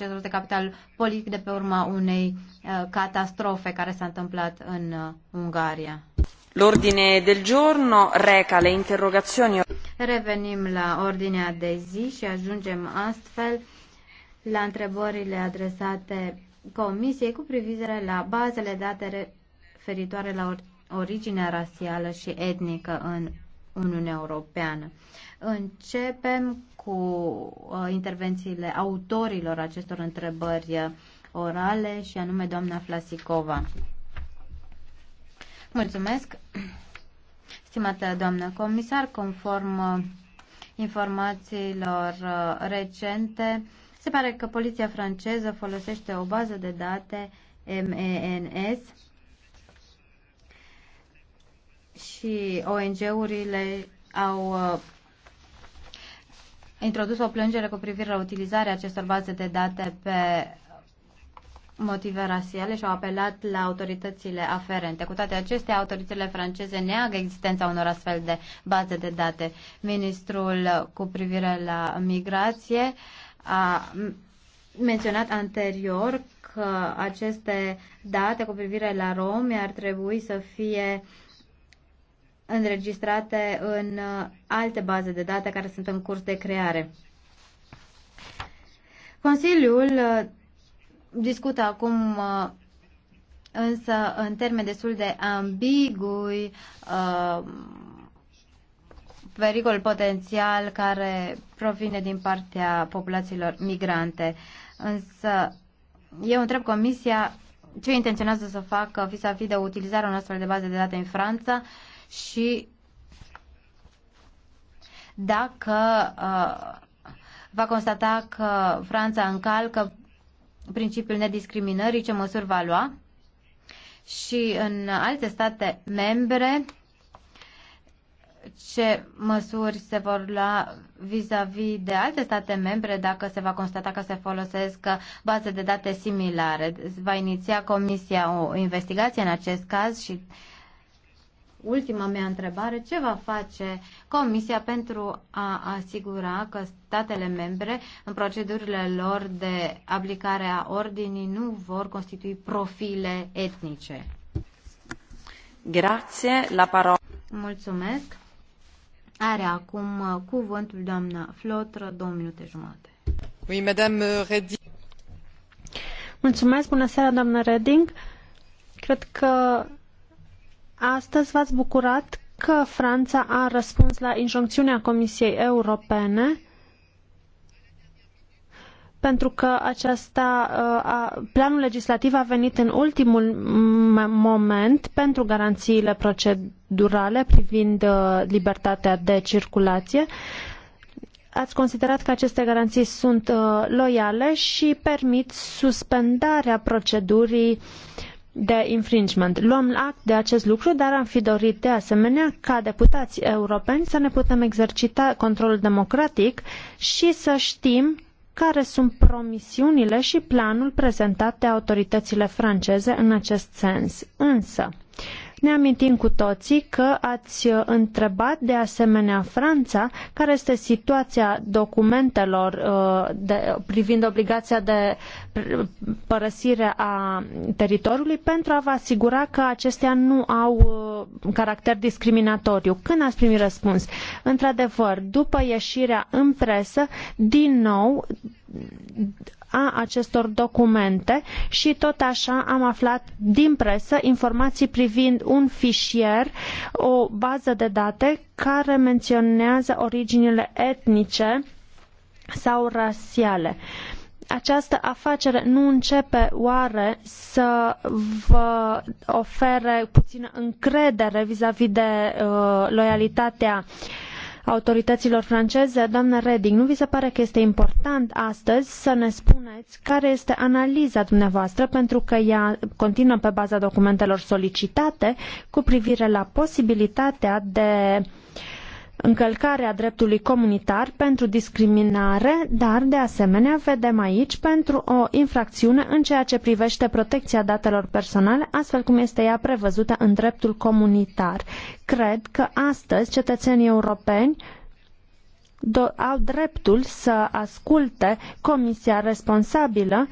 centrul de capital politic de pe urma unei uh, catastrofe care s-a întâmplat în uh, Ungaria. L'ordine del giorno reca le interrogazioni. Revenim la ordinea de zi și ajungem astfel la întrebările adresate Comisiei cu privire la bazele date referitoare la originea rasială și etnică în Uniunea Europeană. Începem cu uh, intervențiile autorilor acestor întrebări orale și anume doamna Flasicova. Mulțumesc, stimată doamnă comisar, conform uh, informațiilor uh, recente, se pare că poliția franceză folosește o bază de date MENS și ONG-urile au introdus o plângere cu privire la utilizarea acestor baze de date pe motive rasiale și au apelat la autoritățile aferente. Cu toate acestea, autoritățile franceze neagă existența unor astfel de baze de date. Ministrul cu privire la migrație a menționat anterior că aceste date cu privire la romi ar trebui să fie înregistrate în uh, alte baze de date care sunt în curs de creare. Consiliul uh, discută acum uh, însă în termeni destul de ambigui pericol potențial care provine din partea populațiilor migrante. Însă eu întreb Comisia ce intenționează să facă vis-a-vis -vis de utilizarea unor astfel de baze de date în Franța și dacă uh, va constata că Franța încalcă principiul nediscriminării, ce măsuri va lua? Și în alte state membre, ce măsuri se vor lua vis-a-vis -vis de alte state membre dacă se va constata că se folosesc baze de date similare? Va iniția Comisia o investigație în acest caz și uh, ultima mea întrebare, ce va face Comisia pentru a asigura că statele membre, în procedurile lor de aplicare a ordinii, nu vor constitui profile etnice? Grazie, la parola. Mulțumesc. Are acum uh, cuvântul doamna Flotră, două minute jumate. Oui, madame euh, Reding. Mulțumesc, bună seara, doamnă Reding. Cred că Astăzi v-ați bucurat că Franța a răspuns la injoncțiunea Comisiei Europene pentru că aceasta, uh, planul legislativ a venit în ultimul moment pentru garanțiile procedurale privind uh, libertatea de circulație. Ați considerat că aceste garanții sunt uh, loiale și permit suspendarea procedurii uh, de infringement. Luăm act de acest lucru, dar am fi dorit de asemenea ca deputați europeni să ne putem exercita controlul democratic și să știm care sunt promisiunile și planul prezentat de autoritățile franceze în acest sens. Însă, ne amintim cu toții că ați uh, întrebat de asemenea Franța care este situația documentelor uh, de, privind obligația de părăsire a teritoriului pentru a vă asigura că acestea nu au uh, caracter discriminatoriu. Când ați primit răspuns? Într-adevăr, după ieșirea în presă, din nou a acestor documente și tot așa am aflat din presă informații privind un fișier, o bază de date care menționează originile etnice sau rasiale această afacere nu începe oare să vă ofere puțină încredere vis-a-vis -vis de uh, loialitatea uh, autorităților franceze. Doamnă Reding, nu vi se pare că este important astăzi să ne spuneți care este analiza dumneavoastră, pentru că ea continuă pe baza documentelor solicitate cu privire la posibilitatea de încălcarea dreptului comunitar pentru discriminare, dar de asemenea vedem aici pentru o infracțiune în ceea ce privește protecția datelor personale, astfel cum este ea prevăzută în dreptul comunitar. Cred că astăzi cetățenii europeni au dreptul să asculte comisia responsabilă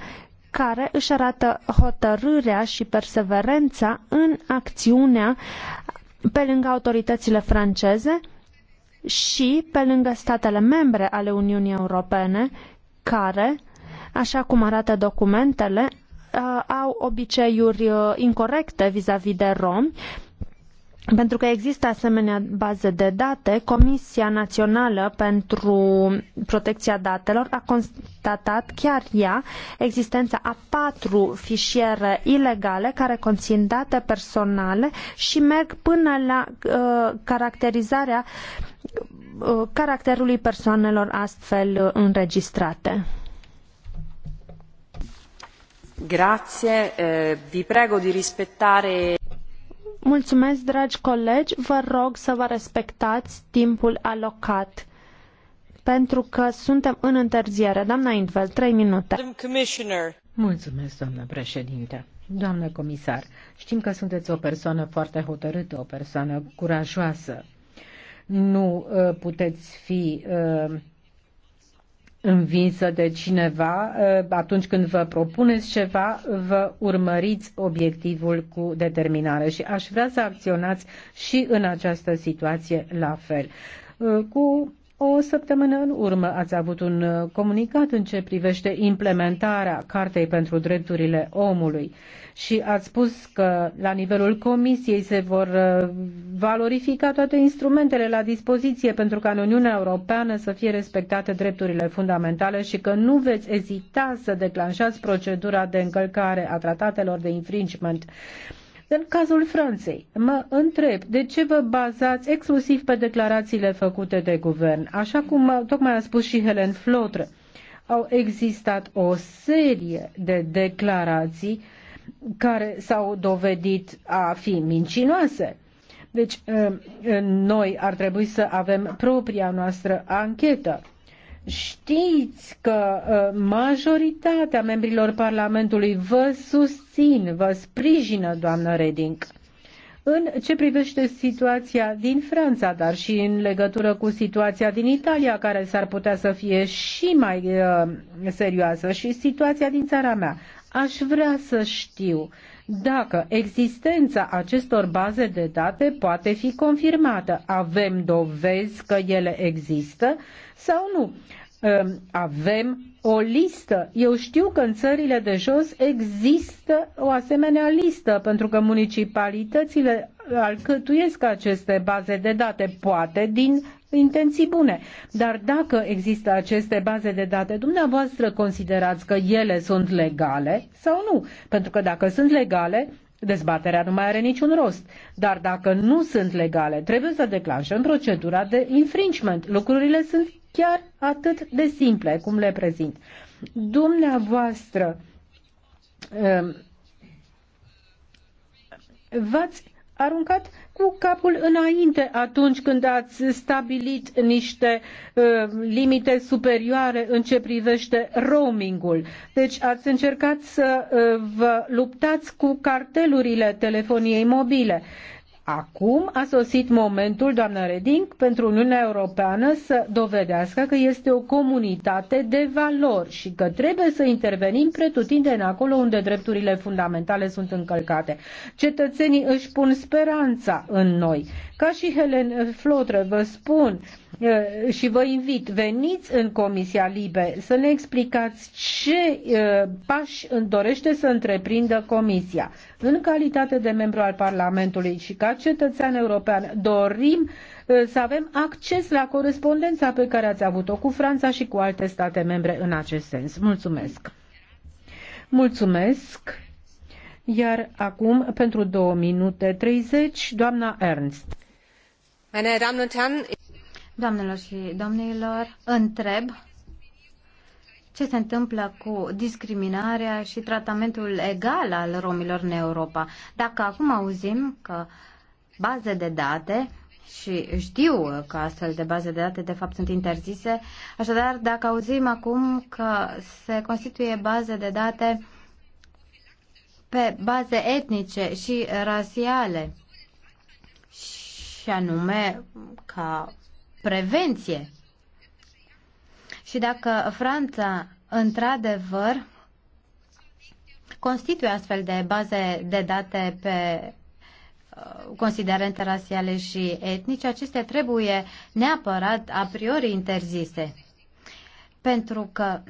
care își arată hotărârea și perseverența în acțiunea pe lângă autoritățile franceze și pe lângă statele membre ale Uniunii Europene, care, așa cum arată documentele, uh, au obiceiuri uh, incorrecte vis-a-vis de romi, pentru că există asemenea baze de date, Comisia Națională pentru Protecția Datelor a constatat chiar ea existența a patru fișiere ilegale care conțin date personale și merg până la uh, caracterizarea uh, caracterului persoanelor astfel înregistrate. Grazie, eh, vi prego di rispettare Mulțumesc, dragi colegi, vă rog să vă respectați timpul alocat pentru că suntem în întârziere. Doamna Invel, trei minute. Mulțumesc, doamnă președinte. Doamnă comisar, știm că sunteți o persoană foarte hotărâtă, o persoană curajoasă. Nu uh, puteți fi uh, învinsă de cineva, ă, atunci când vă propuneți ceva, vă urmăriți obiectivul cu determinare și aș vrea să acționați și în această situație la fel. Ă, cu o săptămână în urmă ați avut un uh, comunicat în ce privește implementarea Cartei pentru Drepturile Omului și ați spus că la nivelul Comisiei se vor uh, valorifica toate instrumentele la dispoziție pentru ca în Uniunea Europeană să fie respectate drepturile fundamentale și că nu veți ezita să declanșați procedura de încălcare a tratatelor de infringement în cazul Franței, mă întreb de ce vă bazați exclusiv pe declarațiile făcute de guvern, așa cum uh, tocmai a spus și Helen Flotre. Au existat o serie de declarații care s-au dovedit a fi mincinoase. Deci, uh, noi ar trebui să avem propria noastră anchetă. Știți că ă, majoritatea membrilor Parlamentului vă susțin, vă sprijină, doamnă Reding. În ce privește situația din Franța, dar și în legătură cu situația din Italia, care s-ar putea să fie și mai uh, serioasă, și situația din țara mea, Aș vrea să știu dacă existența acestor baze de date poate fi confirmată. Avem dovezi că ele există sau nu? Ehm, avem o listă. Eu știu că în țările de jos există o asemenea listă, pentru că municipalitățile alcătuiesc aceste baze de date, poate din intenții bune. Dar dacă există aceste baze de date, dumneavoastră considerați că ele sunt legale sau nu? Pentru că dacă sunt legale, dezbaterea nu mai are niciun rost. Dar dacă nu sunt legale, trebuie să declanșăm procedura de infringement. Lucrurile sunt chiar atât de simple cum le prezint. Dumneavoastră um, v-ați aruncat cu capul înainte atunci când ați stabilit niște um, limite superioare în ce privește roamingul. Deci ați încercat să uh, vă luptați cu cartelurile telefoniei mobile. Acum a sosit momentul, doamnă Reding, pentru Uniunea Europeană să dovedească că este o comunitate de valori și că trebuie să intervenim pretutindeni acolo unde drepturile fundamentale sunt încălcate. Cetățenii își pun speranța în noi. Ca și Helen Flotre, vă spun, Eh, și vă invit, veniți în Comisia Libe să ne explicați ce eh, pași îmi dorește să întreprindă Comisia. În calitate de membru al Parlamentului și ca cetățean european dorim eh, să avem acces la corespondența pe care ați avut-o cu Franța și cu alte state membre în acest sens. Mulțumesc! Mulțumesc! Iar acum, pentru 2 minute 30, doamna Ernst. Meine Damen und Herren, Doamnelor și domnilor, întreb ce se întâmplă cu discriminarea și tratamentul egal al romilor în Europa. Dacă acum auzim că baze de date și știu că astfel de baze de date de fapt sunt interzise, așadar dacă auzim acum că se constituie baze de date pe baze etnice și rasiale și anume ca prevenție. Și dacă Franța, într-adevăr, constituie astfel de baze de date pe uh, considerente rasiale și etnice, acestea trebuie neapărat a priori interzise. Pentru că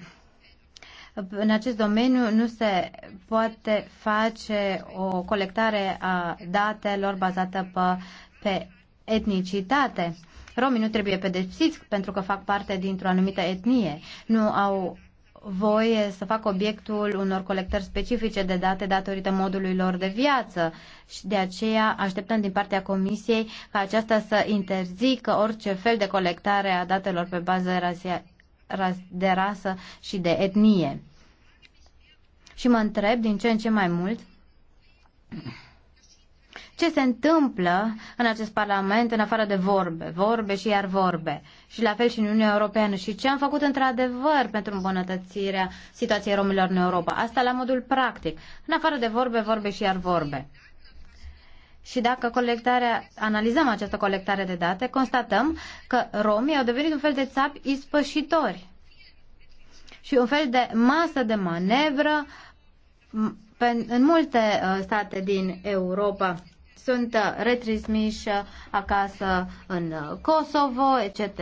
în acest domeniu nu se poate face o colectare a datelor bazată pe, pe etnicitate. Romii nu trebuie pedepsiți pentru că fac parte dintr-o anumită etnie. Nu au voie să facă obiectul unor colectări specifice de date datorită modului lor de viață și de aceea așteptăm din partea Comisiei ca aceasta să interzică orice fel de colectare a datelor pe bază de rasă și de etnie. Și mă întreb din ce în ce mai mult ce se întâmplă în acest Parlament în afară de vorbe, vorbe și iar vorbe. Și la fel și în Uniunea Europeană. Și ce am făcut într-adevăr pentru îmbunătățirea situației romilor în Europa. Asta la modul practic. În afară de vorbe, vorbe și iar vorbe. Și dacă colectarea, analizăm această colectare de date, constatăm că romii au devenit un fel de țapi ispășitori și un fel de masă de manevră în multe uh, state din Europa sunt uh, retrismiși uh, acasă în uh, Kosovo, etc.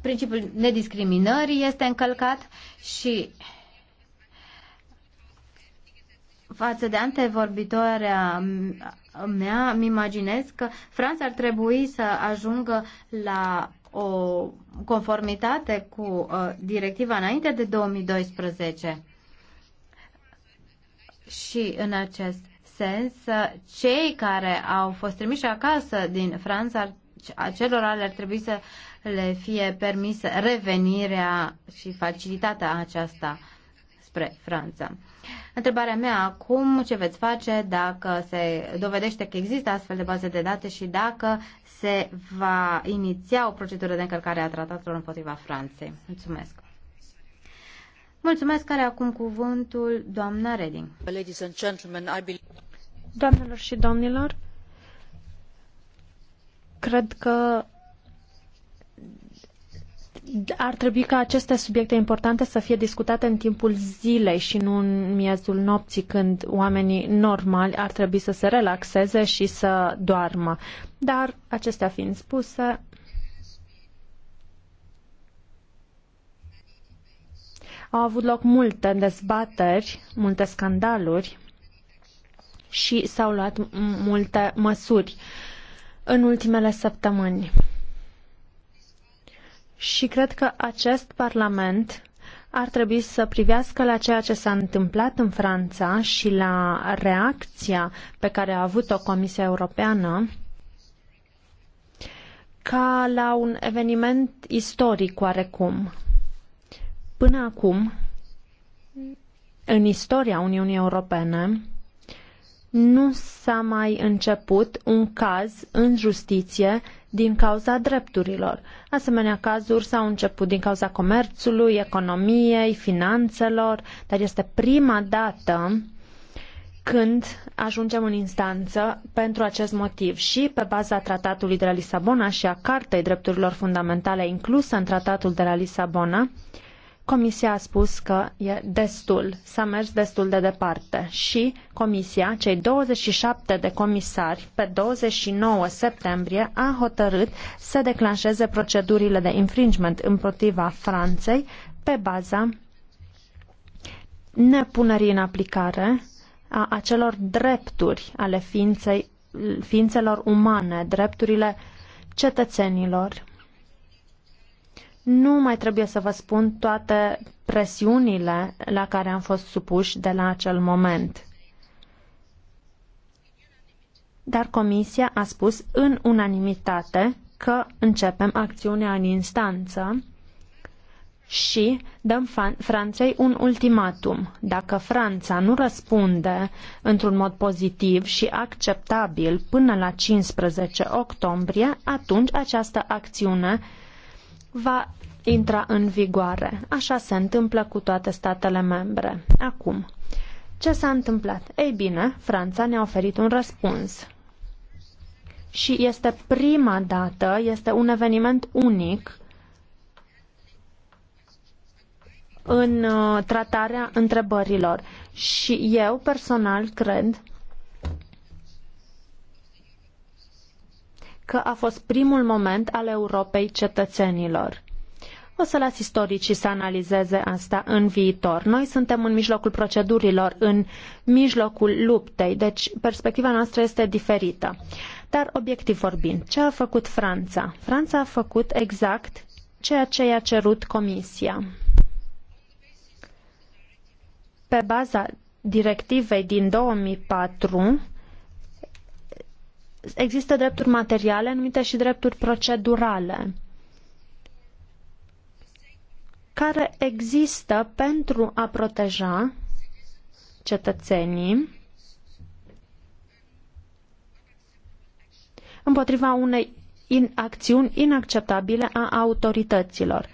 Principiul nediscriminării este încălcat și față de antevorbitoarea mea, îmi imaginez că Franța ar trebui să ajungă la o conformitate cu directiva înainte de 2012. Și în acest sens, cei care au fost trimiși acasă din Franța, acelor ale ar trebui să le fie permisă revenirea și facilitatea aceasta spre Franța. Întrebarea mea acum, ce veți face dacă se dovedește că există astfel de baze de date și dacă se va iniția o procedură de încălcare a tratatelor împotriva Franței? Mulțumesc! Mulțumesc, care acum cuvântul doamna Reding. Doamnelor și domnilor, cred că ar trebui ca aceste subiecte importante să fie discutate în timpul zilei și nu în miezul nopții când oamenii normali ar trebui să se relaxeze și să doarmă. Dar, acestea fiind spuse, au avut loc multe dezbateri, multe scandaluri și s-au luat multe măsuri în ultimele săptămâni. Și cred că acest Parlament ar trebui să privească la ceea ce s-a întâmplat în Franța și la reacția pe care a avut-o Comisia Europeană ca la un eveniment istoric oarecum. Până acum, în istoria Uniunii Europene, nu s-a mai început un caz în justiție din cauza drepturilor. Asemenea cazuri s-au început din cauza comerțului, economiei, finanțelor, dar este prima dată când ajungem în instanță pentru acest motiv și pe baza tratatului de la Lisabona și a Cartei Drepturilor Fundamentale inclusă în tratatul de la Lisabona, Comisia a spus că e destul, s-a mers destul de departe și Comisia, cei 27 de comisari, pe 29 septembrie a hotărât să declanșeze procedurile de infringement împotriva Franței pe baza nepunerii în aplicare a acelor drepturi ale ființei, ființelor umane, drepturile cetățenilor nu mai trebuie să vă spun toate presiunile la care am fost supuși de la acel moment. Dar Comisia a spus în unanimitate că începem acțiunea în instanță și dăm Franței un ultimatum. Dacă Franța nu răspunde într-un mod pozitiv și acceptabil până la 15 octombrie, atunci această acțiune uh, va intra în vigoare. Așa se întâmplă cu toate statele membre. Acum, ce s-a întâmplat? Ei bine, Franța ne-a oferit un răspuns. Și este prima dată, este un eveniment unic în uh, tratarea întrebărilor. Și eu personal cred că a fost primul moment al Europei cetățenilor. O să las istoricii să analizeze asta în viitor. Noi suntem în mijlocul procedurilor, în mijlocul luptei, deci perspectiva noastră este diferită. Dar, obiectiv vorbind, ce a făcut Franța? Franța a făcut exact ceea ce i-a cerut Comisia. Pe baza directivei din 2004, există drepturi materiale numite și drepturi procedurale care există pentru a proteja cetățenii împotriva unei in acțiuni inacceptabile a autorităților.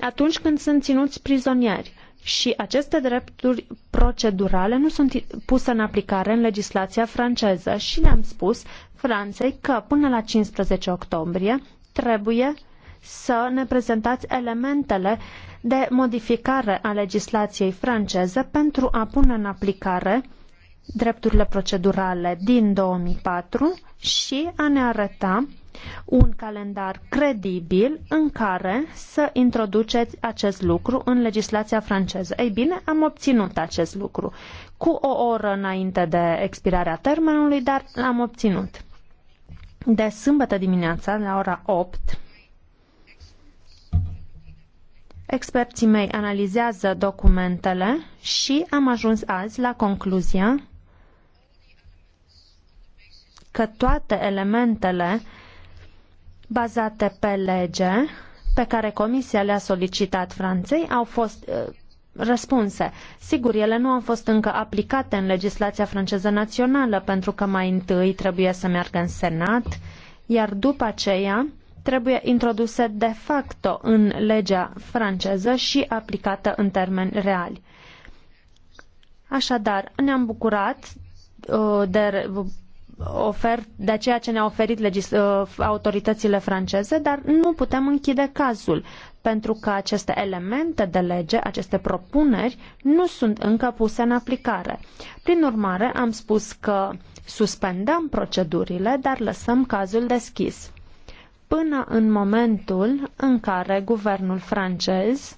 Atunci când sunt ținuți prizonieri, și aceste drepturi procedurale nu sunt puse în aplicare în legislația franceză și le-am spus Franței că până la 15 octombrie trebuie să ne prezentați elementele de modificare a legislației franceze pentru a pune în aplicare drepturile procedurale din 2004 și a ne arăta un calendar credibil în care să introduceți acest lucru în legislația franceză. Ei bine, am obținut acest lucru cu o oră înainte de expirarea termenului, dar l-am obținut. De sâmbătă dimineața, la ora 8, experții mei analizează documentele și am ajuns azi la concluzia că toate elementele uh, bazate pe lege pe care Comisia le-a solicitat Franței au fost uh, răspunse. Sigur, ele nu au fost încă aplicate în legislația franceză națională, pentru că mai întâi trebuie să meargă în Senat, iar după aceea trebuie introduse de facto în legea franceză și aplicată în termeni reali. Așadar, ne-am bucurat uh, de ofer, de ceea ce ne-a oferit legis, uh, autoritățile franceze, dar nu putem închide cazul, pentru că aceste elemente de lege, aceste propuneri, nu sunt încă puse în aplicare. Prin urmare, am spus că suspendăm procedurile, dar lăsăm cazul deschis. Până în momentul în care guvernul francez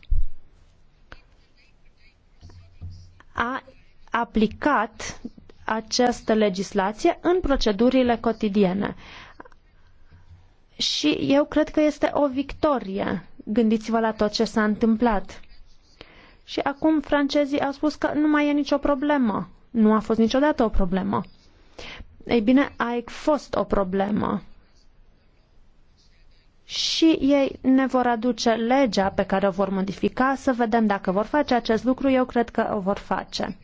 a aplicat această legislație în procedurile cotidiene. Și eu cred că este o victorie. Gândiți-vă la tot ce s-a întâmplat. Și acum francezii au spus că nu mai e nicio problemă. Nu a fost niciodată o problemă. Ei bine, a fost o problemă. Și ei ne vor aduce legea pe care o vor modifica, să vedem dacă vor face acest lucru, eu cred că o vor face.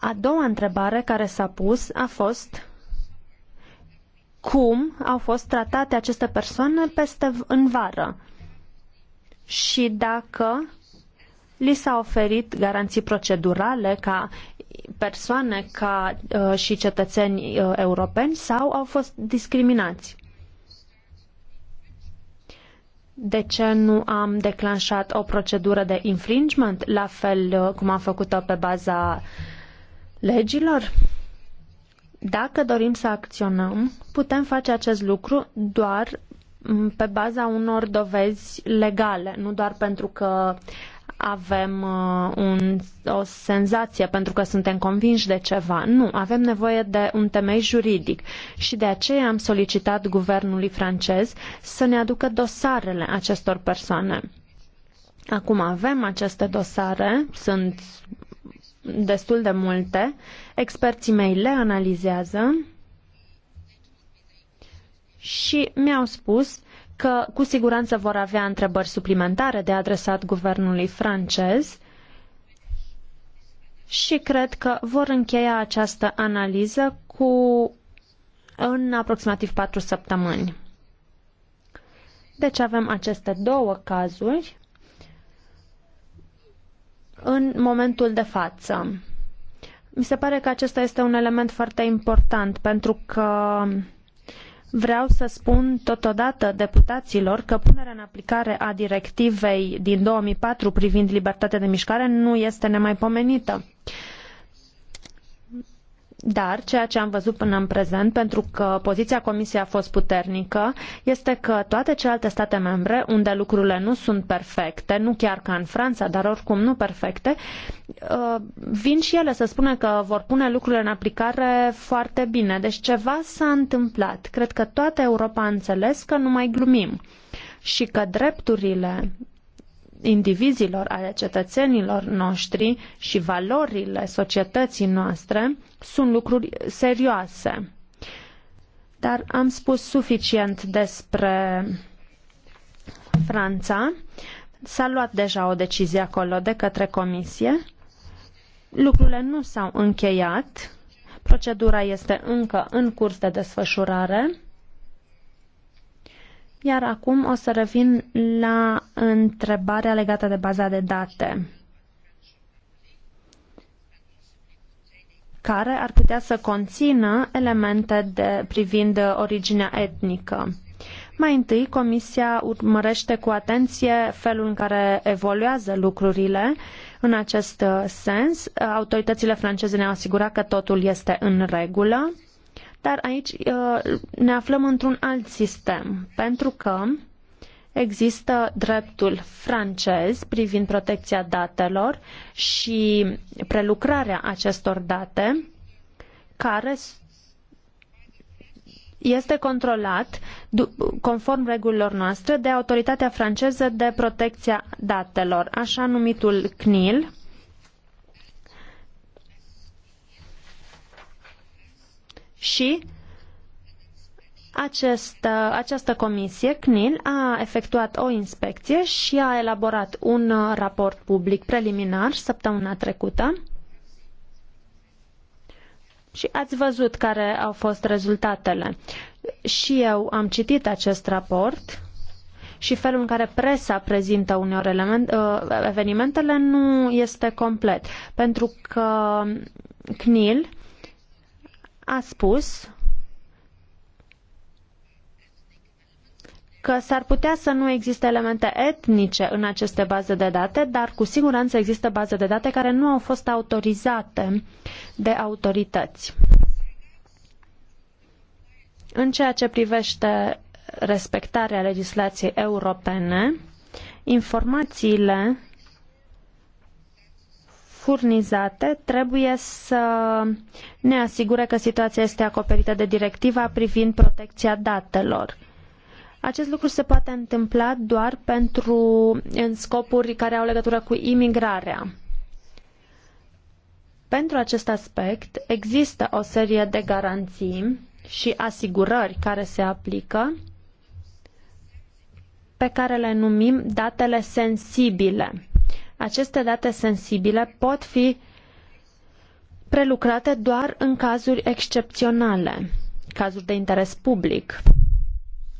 A doua întrebare care s-a pus a fost cum au fost tratate aceste persoane peste în vară și dacă li s-a oferit garanții procedurale ca persoane ca uh, și cetățeni uh, europeni sau au fost discriminați. De ce nu am declanșat o procedură de infringement, la fel uh, cum am făcut-o pe baza uh, legilor? Dacă dorim să acționăm, putem face acest lucru doar mm, pe baza unor dovezi legale, nu doar pentru că avem uh, un, o senzație pentru că suntem convinși de ceva. Nu, avem nevoie de un temei juridic și de aceea am solicitat guvernului francez să ne aducă dosarele acestor persoane. Acum avem aceste dosare, sunt destul de multe. Experții mei le analizează și mi-au spus că cu siguranță vor avea întrebări suplimentare de adresat guvernului francez și cred că vor încheia această analiză cu în aproximativ patru săptămâni. Deci avem aceste două cazuri în momentul de față. Mi se pare că acesta este un element foarte important pentru că vreau să spun totodată deputaților că punerea în aplicare a directivei din 2004 privind libertatea de mișcare nu este nemaipomenită. Dar ceea ce am văzut până în prezent, pentru că poziția Comisiei a fost puternică, este că toate celelalte state membre, unde lucrurile nu sunt perfecte, nu chiar ca în Franța, dar oricum nu perfecte, uh, vin și ele să spună că vor pune lucrurile în aplicare foarte bine. Deci ceva s-a întâmplat. Cred că toată Europa a înțeles că nu mai glumim și că drepturile indivizilor, ale cetățenilor noștri și valorile societății noastre sunt lucruri serioase. Dar am spus suficient despre Franța. S-a luat deja o decizie acolo de către Comisie. Lucrurile nu s-au încheiat. Procedura este încă în curs de desfășurare iar acum o să revin la întrebarea legată de baza de date. care ar putea să conțină elemente de, privind originea etnică. Mai întâi, Comisia urmărește cu atenție felul în care evoluează lucrurile. În acest sens, autoritățile franceze ne-au asigurat că totul este în regulă. Dar aici uh, ne aflăm într-un alt sistem, pentru că există dreptul francez privind protecția datelor și prelucrarea acestor date, care este controlat, conform regulilor noastre, de autoritatea franceză de protecția datelor, așa numitul CNIL, și această, această comisie, CNIL, a efectuat o inspecție și a elaborat un raport public preliminar săptămâna trecută. Și ați văzut care au fost rezultatele. Și eu am citit acest raport și felul în care presa prezintă uneori element, uh, evenimentele nu este complet. Pentru că CNIL a spus că s-ar putea să nu existe elemente etnice în aceste baze de date, dar cu siguranță există baze de date care nu au fost autorizate de autorități. În ceea ce privește respectarea legislației europene, informațiile furnizate trebuie să ne asigure că situația este acoperită de directiva privind protecția datelor. Acest lucru se poate întâmpla doar pentru în scopuri care au legătură cu imigrarea. Pentru acest aspect există o serie de garanții și asigurări care se aplică pe care le numim datele sensibile aceste date sensibile pot fi prelucrate doar în cazuri excepționale, cazuri de interes public.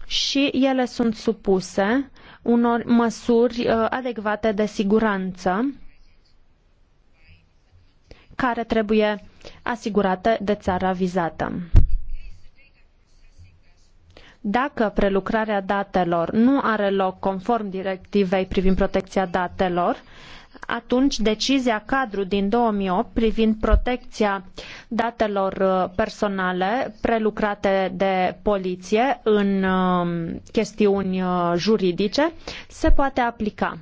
Și ele sunt supuse unor măsuri uh, adecvate de siguranță care trebuie asigurate de țara vizată. Dacă prelucrarea datelor nu are loc conform directivei privind protecția datelor, atunci decizia cadru din 2008 privind protecția datelor uh, personale prelucrate de poliție în um, chestiuni uh, juridice se poate aplica.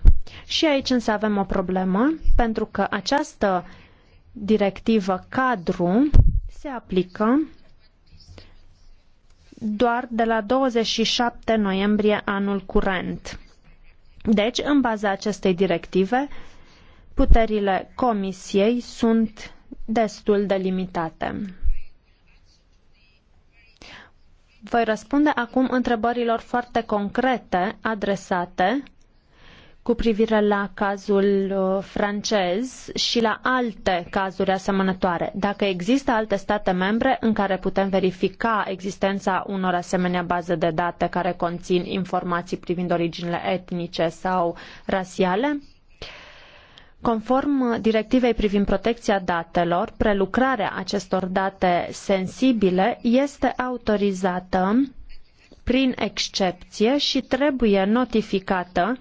Și aici însă avem o problemă, pentru că această directivă cadru se aplică doar de la 27 noiembrie anul curent. Deci, în baza acestei directive, puterile Comisiei sunt destul de limitate. Voi răspunde acum întrebărilor foarte concrete adresate cu privire la cazul uh, francez și la alte cazuri asemănătoare. Dacă există alte state membre în care putem verifica existența unor asemenea baze de date care conțin informații privind originile etnice sau rasiale? Conform directivei privind protecția datelor, prelucrarea acestor date sensibile este autorizată prin excepție și trebuie notificată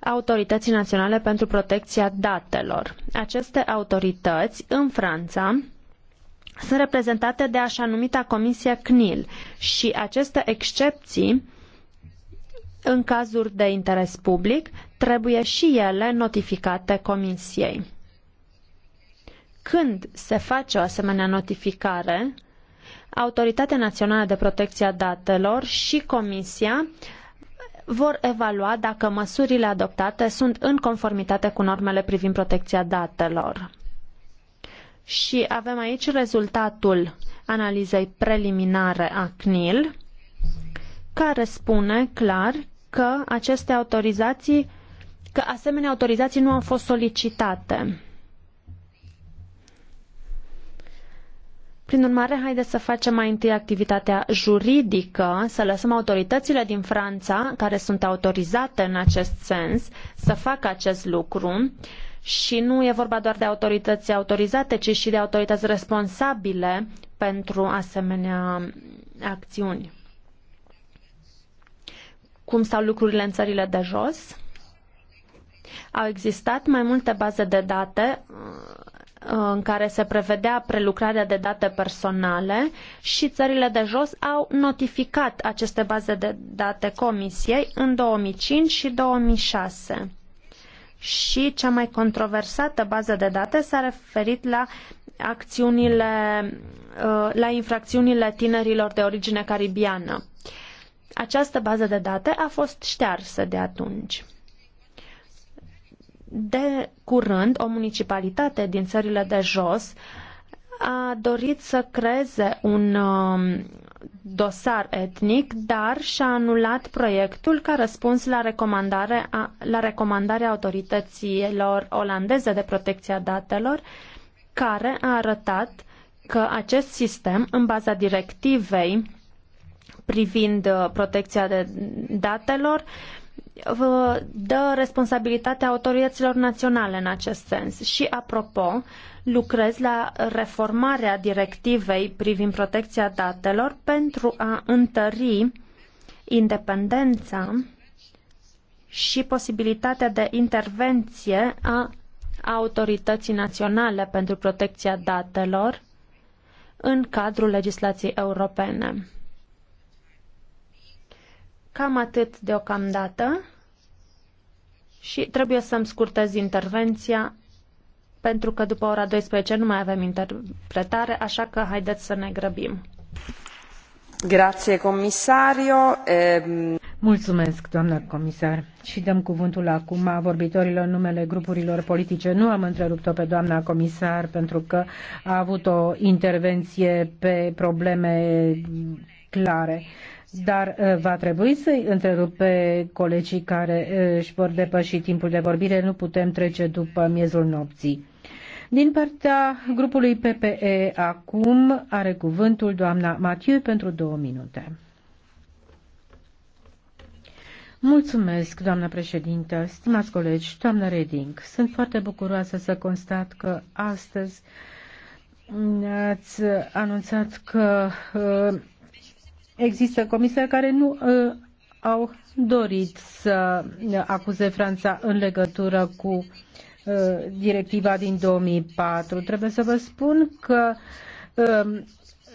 Autorității Naționale pentru Protecția Datelor. Aceste autorități, în Franța, sunt reprezentate de așa numita Comisia CNIL și aceste excepții în cazuri de interes public, trebuie și ele notificate Comisiei. Când se face o asemenea notificare, Autoritatea Națională de Protecție a Datelor și Comisia vor evalua dacă măsurile adoptate sunt în conformitate cu normele privind protecția datelor. Și avem aici rezultatul analizei preliminare a CNIL, care spune clar că aceste autorizații, că asemenea autorizații nu au fost solicitate. Prin urmare, haideți să facem mai întâi activitatea juridică, să lăsăm autoritățile din Franța, care sunt autorizate în acest sens, să facă acest lucru. Și nu e vorba doar de autorități autorizate, ci și de autorități responsabile pentru asemenea acțiuni. Cum stau lucrurile în țările de jos? Au existat mai multe baze de date Uh, în care se prevedea prelucrarea de date personale și țările de jos au notificat aceste baze de date Comisiei în 2005 și 2006. Și cea mai controversată bază de date s-a referit la acțiunile, uh, la infracțiunile tinerilor de origine caribiană. Această bază de date a fost ștearsă de atunci. De curând, o municipalitate din țările de jos a dorit să creeze un um, dosar etnic, dar și-a anulat proiectul ca răspuns la, recomandare a, la recomandarea autorităților olandeze de protecția datelor, care a arătat că acest sistem, în baza directivei privind uh, protecția de datelor, uh, dă responsabilitatea autorităților naționale în acest sens. Și, apropo, lucrez la reformarea directivei privind protecția datelor pentru a întări independența și posibilitatea de intervenție a autorității naționale pentru protecția datelor în cadrul legislației europene. Cam atât deocamdată și trebuie să-mi scurtez intervenția pentru că după ora 12 nu mai avem interpretare, așa că haideți să ne grăbim. Grazie, comisario. Ehm, Mulțumesc, doamnă comisar. Și dăm cuvântul acum a vorbitorilor numele grupurilor politice. Nu am întrerupt-o pe doamna comisar pentru că a avut o intervenție pe probleme clare. Dar uh, va trebui să-i întrerup pe colegii care uh, își vor depăși timpul de vorbire. Nu putem trece după miezul nopții. Din partea grupului PPE acum are cuvântul doamna Mathieu pentru două minute. Mulțumesc, doamna președintă, stimați colegi, doamna Reding. Sunt foarte bucuroasă să constat că astăzi ne-ați anunțat că uh, există comisari care nu uh, au dorit să acuze Franța în legătură cu uh, directiva din 2004. Trebuie să vă spun că um,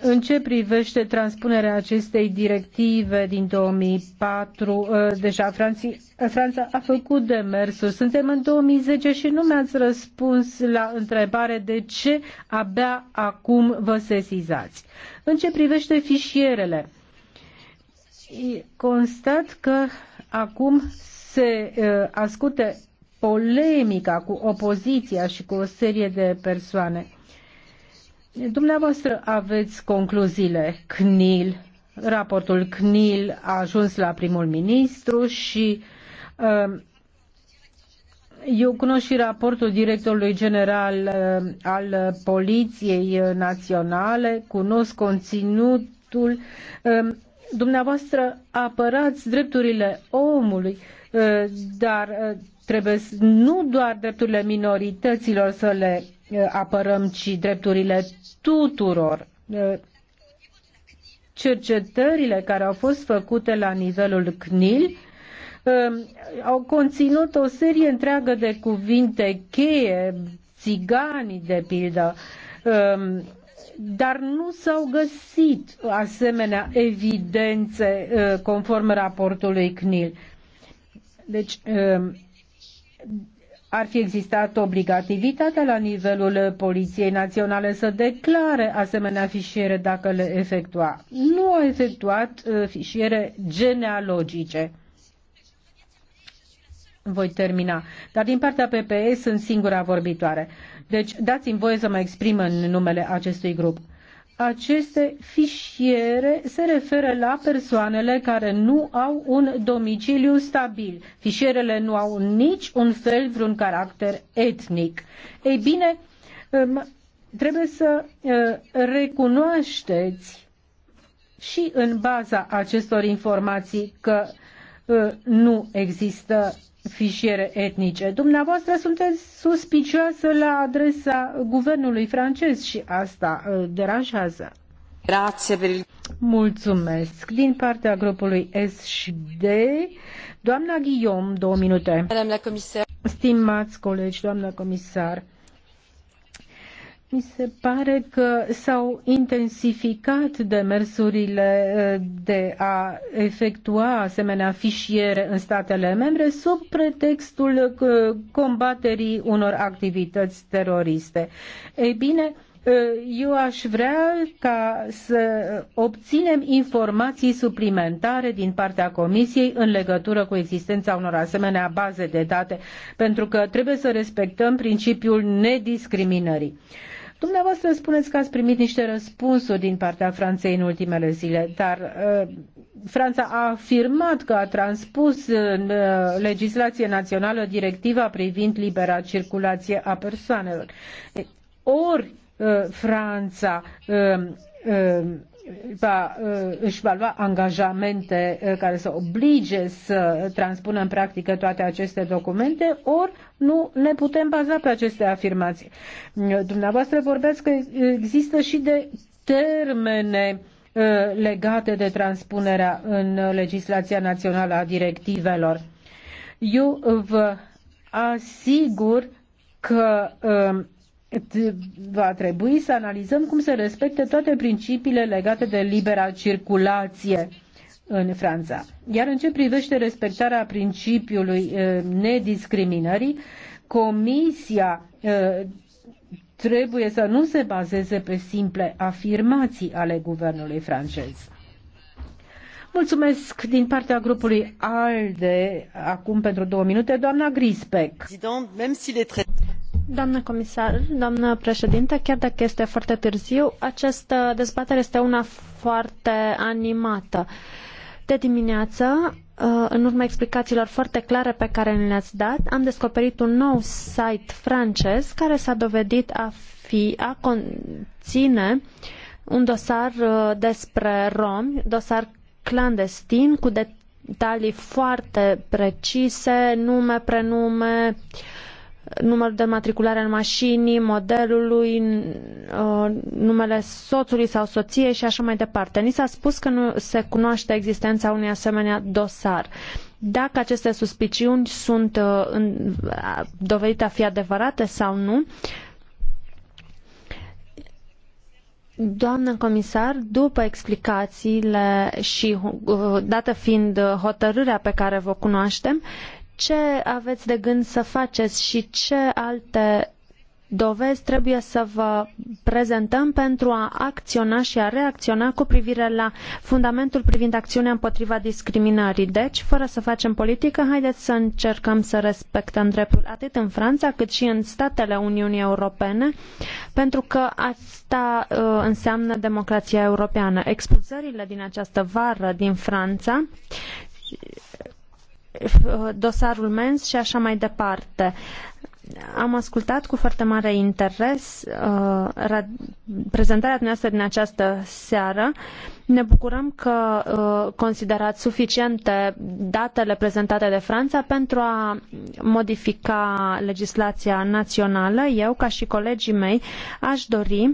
în ce privește transpunerea acestei directive din 2004, uh, deja Franții, Franța a făcut demersul. Suntem în 2010 și nu mi-ați răspuns la întrebare de ce abia acum vă sesizați. În ce privește fișierele, constat că acum se uh, ascute polemica cu opoziția și cu o serie de persoane. Dumneavoastră aveți concluziile CNIL, raportul CNIL a ajuns la primul ministru și uh, eu cunosc și raportul directorului general uh, al Poliției Naționale, cunosc conținutul um, Dumneavoastră apărați drepturile omului, uh, dar uh, trebuie nu doar drepturile minorităților să le uh, apărăm, ci drepturile tuturor. Cercetările care au fost făcute la nivelul CNIL um, au conținut o serie întreagă de cuvinte cheie, țiganii de pildă, um, dar nu s-au găsit asemenea evidențe uh, conform raportului CNIL. Deci um, ar fi existat obligativitatea la nivelul Poliției Naționale să declare asemenea fișiere dacă le efectua. Nu a efectuat uh, fișiere genealogice. Voi termina. Dar din partea PPE sunt singura vorbitoare. Deci dați-mi voie să mă exprim în numele acestui grup. Aceste fișiere se referă la persoanele care nu au un domiciliu stabil. Fișierele nu au nici un fel vreun caracter etnic. Ei bine, um, trebuie să uh, recunoașteți și în baza acestor informații că uh, nu există fișiere etnice. Dumneavoastră sunteți suspicioasă la adresa guvernului francez și asta uh, deranjează. Grazie Mulțumesc. Din partea grupului S și D, doamna Guillaume, două minute. Madame la comisar. Stimați colegi, doamna comisar, mi se pare că s-au intensificat demersurile eh, de a efectua asemenea fișiere în statele membre sub pretextul eh, combaterii unor activități teroriste. Ei bine, eh, eu aș vrea ca să obținem informații suplimentare din partea Comisiei în legătură cu existența unor asemenea baze de date, pentru că trebuie să respectăm principiul nediscriminării. Dumneavoastră spuneți că ați primit niște răspunsuri din partea Franței în ultimele zile, dar uh, Franța a afirmat că a transpus în uh, legislație națională directiva privind libera circulație a persoanelor. Ori uh, Franța uh, uh, va, uh, își va lua angajamente uh, care să oblige să transpună în practică toate aceste documente, ori nu ne putem baza pe aceste afirmații. Dumneavoastră vorbeați că există și de termene uh, legate de transpunerea în legislația națională a directivelor. Eu vă asigur că va trebui să analizăm cum se respecte toate principiile legate de libera circulație în Franța. Iar în ce privește respectarea principiului eh, nediscriminării, Comisia eh, trebuie să nu se bazeze pe simple afirmații ale guvernului francez. Mulțumesc din partea grupului ALDE, acum pentru două minute, doamna Grisbeck. Doamnă comisar, doamnă președinte, chiar dacă este foarte târziu, această dezbatere este una foarte animată. De dimineață, uh, în urma explicațiilor foarte clare pe care ni le-ați dat, am descoperit un nou site francez care s-a dovedit a fi, a conține un dosar uh, despre romi, dosar clandestin cu detalii foarte precise, nume, prenume, uh, numărul de matriculare al mașinii, modelului, uh, numele soțului sau soției și așa mai departe. Ni s-a spus că nu se cunoaște existența unui asemenea dosar. Dacă aceste suspiciuni sunt uh, uh, dovedite a fi adevărate sau nu, Doamnă comisar, după explicațiile și dată fiind hotărârea pe care vă cunoaștem, ce aveți de gând să faceți și ce alte dovezi trebuie să vă prezentăm pentru a acționa și a reacționa cu privire la fundamentul privind acțiunea împotriva discriminării. Deci, fără să facem politică, haideți să încercăm să respectăm dreptul atât în Franța cât și în statele Uniunii Europene, pentru că asta uh, înseamnă democrația europeană. Expulzările din această vară din Franța dosarul MENS și așa mai departe. Am ascultat cu foarte mare interes uh, prezentarea dumneavoastră din această seară. Ne bucurăm că uh, considerați suficiente datele prezentate de Franța pentru a modifica legislația națională. Eu, ca și colegii mei, aș dori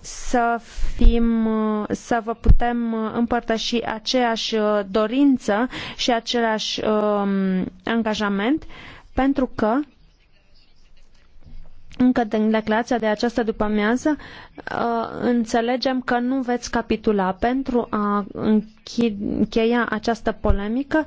să, fim, să vă putem împărtăși aceeași dorință și același um, angajament, pentru că încă din declarația de această după-amiază, uh, înțelegem că nu veți capitula. Pentru a încheia această polemică,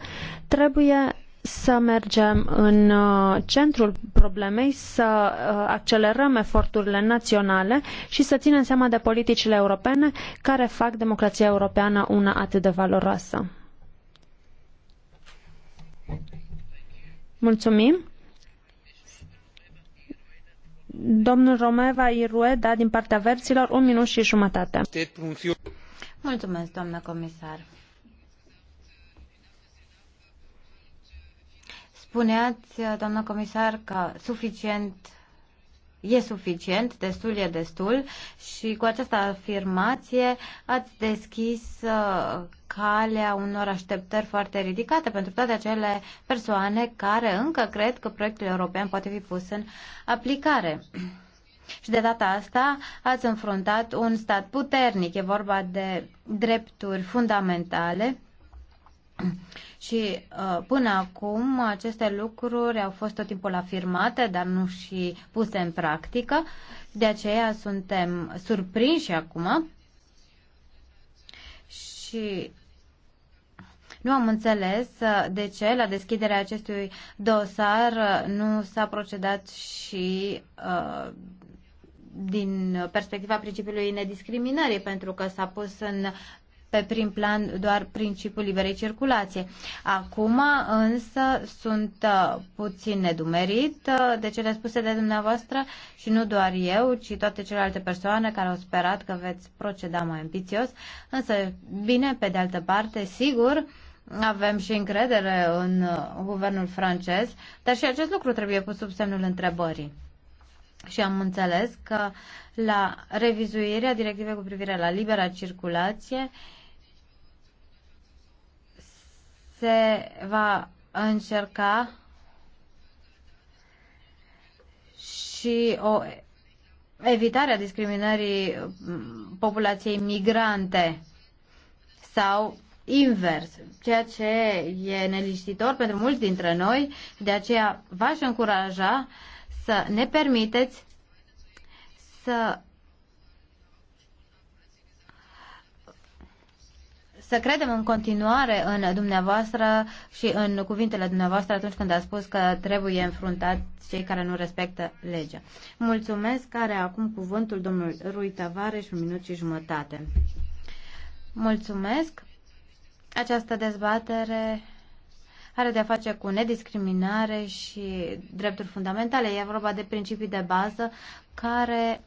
trebuie să mergem în uh, centrul problemei, să uh, accelerăm eforturile naționale și să ținem seama de politicile europene care fac democrația europeană una atât de valoroasă. Mulțumim. Domnul Romeva Irueda, din partea verților, un minut și jumătate. Mulțumesc, doamnă comisar. Spuneați, doamnă comisar, că suficient e suficient, destul e destul și cu această afirmație ați deschis uh, calea unor așteptări foarte ridicate pentru toate acele persoane care încă cred că proiectul european poate fi pus în aplicare. Și de data asta ați înfruntat un stat puternic. E vorba de drepturi fundamentale Și uh, până acum aceste lucruri au fost tot timpul afirmate, dar nu și puse în practică. De aceea suntem surprinși acum și nu am înțeles uh, de ce la deschiderea acestui dosar uh, nu s-a procedat și uh, din perspectiva principiului nediscriminării, pentru că s-a pus în pe prim plan doar principiul liberei circulație. Acum însă sunt uh, puțin nedumerit uh, de cele spuse de dumneavoastră și nu doar eu, ci toate celelalte persoane care au sperat că veți proceda mai ambițios. Însă, bine, pe de altă parte, sigur, avem și încredere în uh, guvernul francez, dar și acest lucru trebuie pus sub semnul întrebării. Și am înțeles că la revizuirea directivei cu privire la libera circulație, uh, se va încerca și o evitare a discriminării populației migrante sau invers, ceea ce e neliștitor pentru mulți dintre noi, de aceea v-aș încuraja să ne permiteți să să credem în continuare în dumneavoastră și în cuvintele dumneavoastră atunci când a spus că trebuie înfruntat cei care nu respectă legea. Mulțumesc, care acum cuvântul domnul Rui Tavares, un minut și jumătate. Mulțumesc. Această dezbatere are de-a face cu nediscriminare și drepturi fundamentale. E vorba de principii de bază care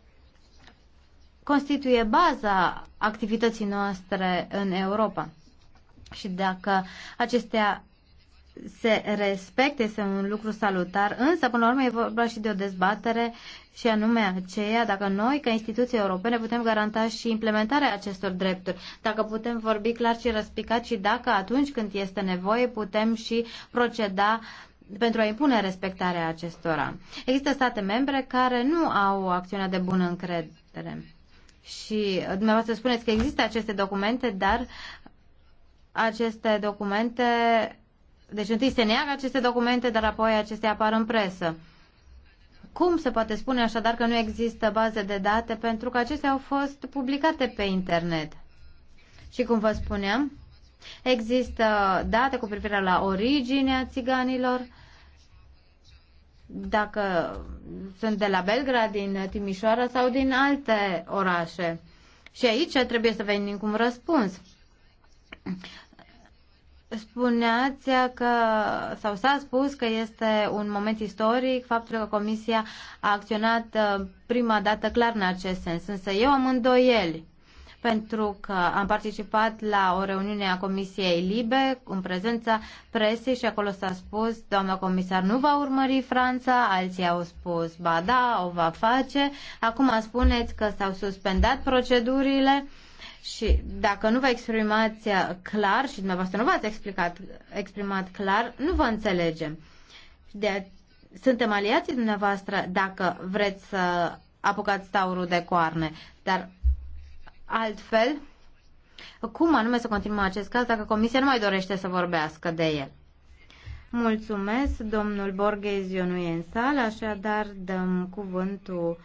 constituie baza activității noastre în Europa. Și dacă acestea se respecte, este un lucru salutar, însă până la urmă e vorba și de o dezbatere și anume aceea dacă noi ca instituții europene putem garanta și implementarea acestor drepturi, dacă putem vorbi clar și răspicat și dacă atunci când este nevoie putem și proceda pentru a impune respectarea acestora. Există state membre care nu au acțiunea de bună încredere. Și dumneavoastră spuneți că există aceste documente, dar aceste documente, deci întâi se neagă aceste documente, dar apoi acestea apar în presă. Cum se poate spune așadar că nu există baze de date pentru că acestea au fost publicate pe internet? Și cum vă spuneam, există date cu privire la originea țiganilor, dacă sunt de la Belgrad, din Timișoara sau din alte orașe. Și aici trebuie să venim cu un răspuns. Spuneați că, sau s-a spus că este un moment istoric faptul că Comisia a acționat uh, prima dată clar în acest sens, însă eu am îndoieli pentru că am participat la o reuniune a Comisiei Libe în prezența presei și acolo s-a spus, doamna comisar nu va urmări Franța, alții au spus, ba da, o va face. Acum spuneți că s-au suspendat procedurile. Și dacă nu vă exprimați clar și dumneavoastră nu v-ați explicat, exprimat clar, nu vă înțelegem. De, suntem aliații dumneavoastră dacă vreți să apucați taurul de coarne, dar altfel. Cum anume să continuăm acest caz dacă Comisia nu mai dorește să vorbească de el? Mulțumesc, domnul Borghezio nu e în sală, așadar dăm cuvântul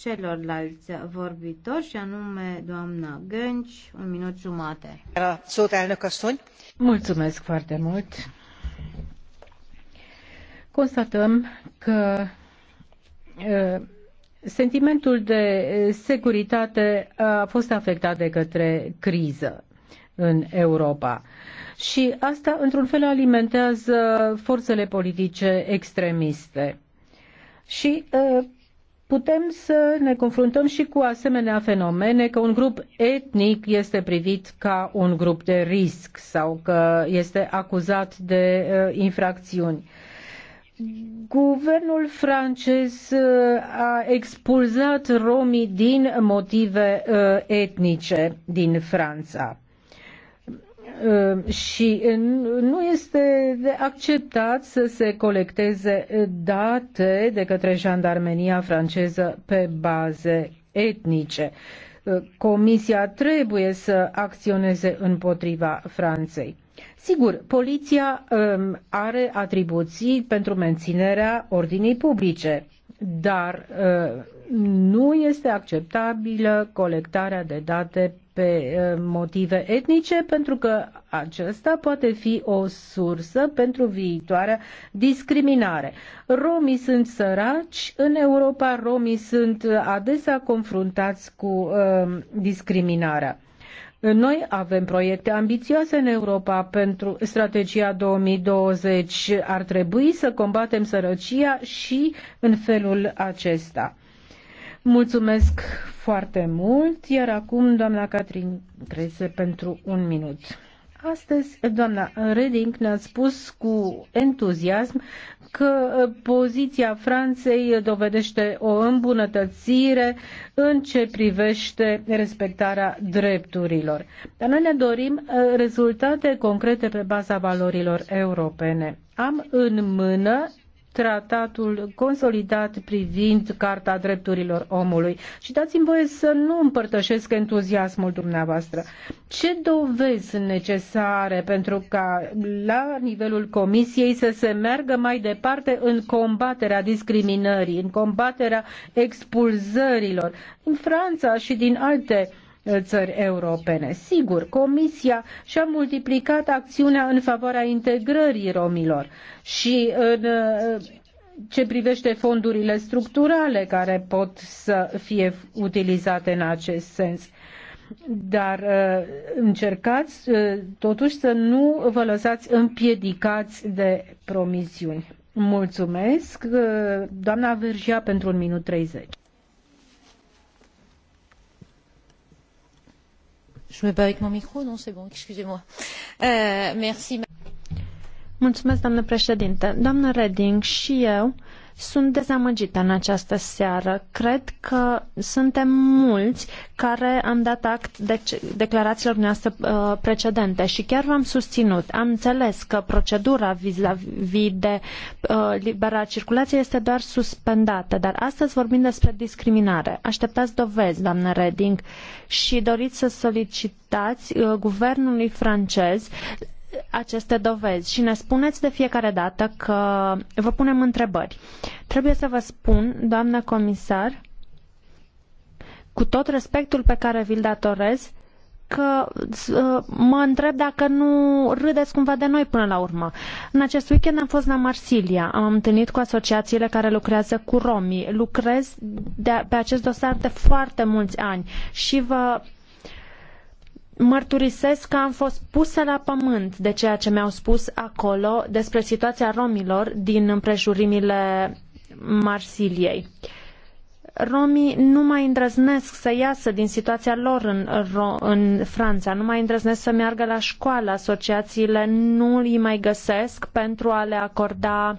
celorlalți vorbitori și anume doamna Gânci, un minut jumate. Mulțumesc foarte mult. Constatăm că Sentimentul de eh, securitate a fost afectat de către criză în Europa. Și asta, într-un fel, alimentează forțele politice extremiste. Și eh, putem să ne confruntăm și cu asemenea fenomene că un grup etnic este privit ca un grup de risc sau că este acuzat de eh, infracțiuni. Guvernul francez uh, a expulzat romii din motive uh, etnice din Franța uh, și nu este de acceptat să se colecteze date de către jandarmenia franceză pe baze etnice. Comisia trebuie să acționeze împotriva Franței. Sigur, poliția um, are atribuții pentru menținerea ordinii publice, dar uh, nu este acceptabilă colectarea de date pe uh, motive etnice, pentru că aceasta poate fi o sursă pentru viitoarea discriminare. Romii sunt săraci în Europa, romii sunt uh, adesea confruntați cu uh, discriminarea noi avem proiecte ambițioase în Europa pentru strategia 2020. Ar trebui să combatem sărăcia și în felul acesta. Mulțumesc foarte mult, iar acum doamna Catrin Crese pentru un minut. Astăzi, doamna Reding ne-a spus cu entuziasm că uh, poziția Franței dovedește o îmbunătățire în ce privește respectarea drepturilor. Dar noi ne dorim uh, rezultate concrete pe baza valorilor europene. Am în mână tratatul consolidat privind Carta Drepturilor Omului. Și dați-mi voie să nu împărtășesc entuziasmul dumneavoastră. Ce dovezi sunt necesare pentru ca la nivelul Comisiei să se meargă mai departe în combaterea discriminării, în combaterea expulzărilor? În Franța și din alte uh, Eh, țări europene. Sigur, Comisia și-a multiplicat acțiunea în favoarea integrării romilor și în eh, ce privește fondurile structurale care pot să fie utilizate în acest sens. Dar eh, încercați totuși să nu vă lăsați împiedicați de promisiuni. Mulțumesc. Doamna Virgia, pentru un minut 30. Je me bats avec mon micro, non, c'est bon, excusez-moi. Euh, merci. Mulțumesc, doamnă președinte. Doamnă Reding, și eu sunt dezamăgită în această seară. Cred că suntem mulți care am dat act de declarațiilor noastre uh, precedente și chiar v-am susținut. Am înțeles că procedura vis-a-vis -vis de uh, libera circulație este doar suspendată, dar astăzi vorbim despre discriminare. Așteptați dovezi, doamnă Reding, și doriți să solicitați uh, guvernului francez aceste dovezi și ne spuneți de fiecare dată că vă punem întrebări. Trebuie să vă spun, doamnă comisar, cu tot respectul pe care vi-l datorez, că uh, mă întreb dacă nu râdeți cumva de noi până la urmă. În acest weekend am fost la Marsilia, am întâlnit cu asociațiile care lucrează cu romii. Lucrez de, pe acest dosar de foarte mulți ani și vă mărturisesc că am fost pusă la pământ de ceea ce mi-au spus acolo despre situația romilor din împrejurimile Marsiliei. Romii nu mai îndrăznesc să iasă din situația lor în, în Franța, nu mai îndrăznesc să meargă la școală, asociațiile nu îi mai găsesc pentru a le acorda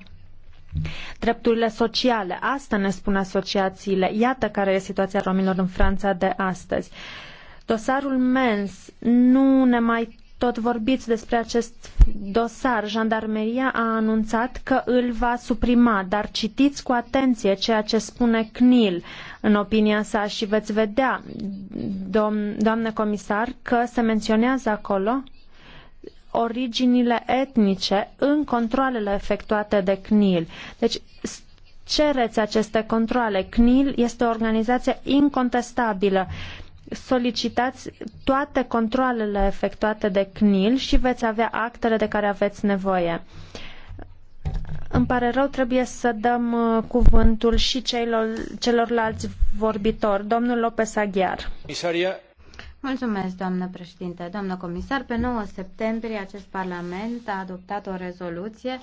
drepturile sociale. Asta ne spun asociațiile. Iată care e situația romilor în Franța de astăzi. Uh, Dosarul MENS, nu ne mai tot vorbiți despre acest dosar. Jandarmeria a anunțat că îl va suprima, dar citiți cu atenție ceea ce spune CNIL în opinia sa și veți vedea, dom- doamnă comisar, că se menționează acolo originile etnice în controlele efectuate de CNIL. Deci cereți aceste controle. CNIL este o organizație incontestabilă solicitați toate controlele efectuate de CNIL și veți avea actele de care aveți nevoie. Îmi pare rău, trebuie să dăm uh, cuvântul și celor, celorlalți vorbitori. Domnul Lopez Aghiar. Comisaria. Mulțumesc, doamnă președinte. Doamnă comisar, pe 9 septembrie acest Parlament a adoptat o rezoluție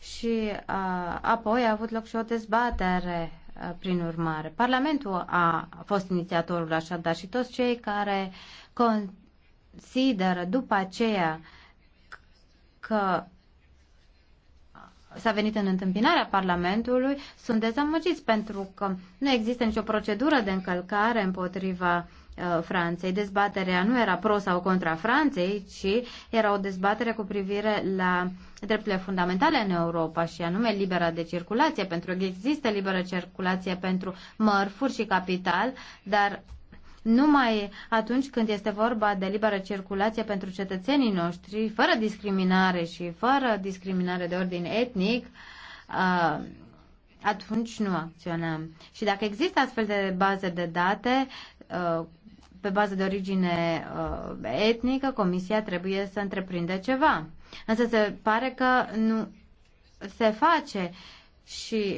și a, uh, apoi a avut loc și o dezbatere prin urmare. Parlamentul a fost inițiatorul așadar și toți cei care consideră după aceea că s-a venit în întâmpinarea Parlamentului sunt dezamăgiți pentru că nu există nicio procedură de încălcare împotriva Uh, Franței. Dezbaterea nu era pro sau contra Franței, ci era o dezbatere cu privire la drepturile fundamentale în Europa și anume libera de circulație, pentru că există liberă circulație pentru mărfuri și capital, dar numai atunci când este vorba de liberă circulație pentru cetățenii noștri, fără discriminare și fără discriminare de ordin etnic, uh, atunci nu acționăm. Și dacă există astfel de baze de date uh, pe bază de origine uh, etnică, comisia trebuie să întreprindă ceva. Însă se pare că nu se face și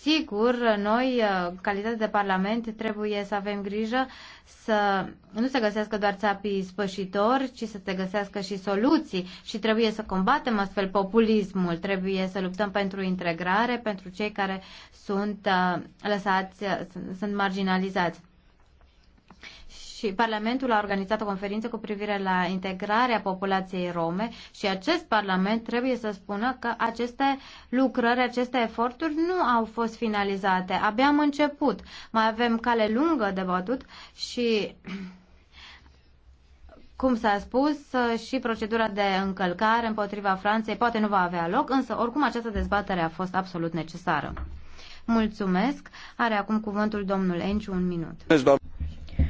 sigur, noi, uh, calitate de parlament, trebuie să avem grijă să nu se găsească doar țapii spășitori, ci să se găsească și soluții și trebuie să combatem astfel populismul, trebuie să luptăm pentru integrare, pentru cei care sunt uh, lăsați, sunt marginalizați și Parlamentul a organizat o conferință cu privire la integrarea populației rome și acest Parlament trebuie să spună că aceste lucrări, aceste eforturi nu au fost finalizate. Abia am început. Mai avem cale lungă de bătut și cum s-a spus, și procedura de încălcare împotriva Franței poate nu va avea loc, însă oricum această dezbatere a fost absolut necesară. Mulțumesc. Are acum cuvântul domnul Enciu un minut. Mulțumesc,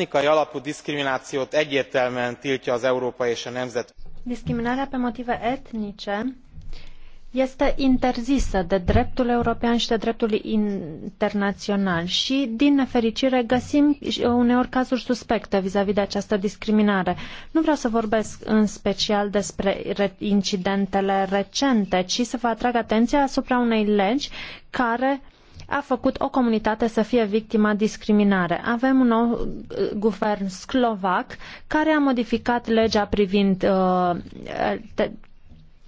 etnikai alapú diszkriminációt egyértelműen tiltja az európai és a nemzeti. discriminarea pe motive etnice este interzisă de dreptul european și de dreptul internațional și, din nefericire, găsim uneori cazuri suspecte această discriminare. Nu vreau să vorbesc în special incidentele recente, ci să atenția asupra unei care a făcut o comunitate să fie victima discriminare. Avem un nou uh, guvern slovac care a modificat legea privind uh,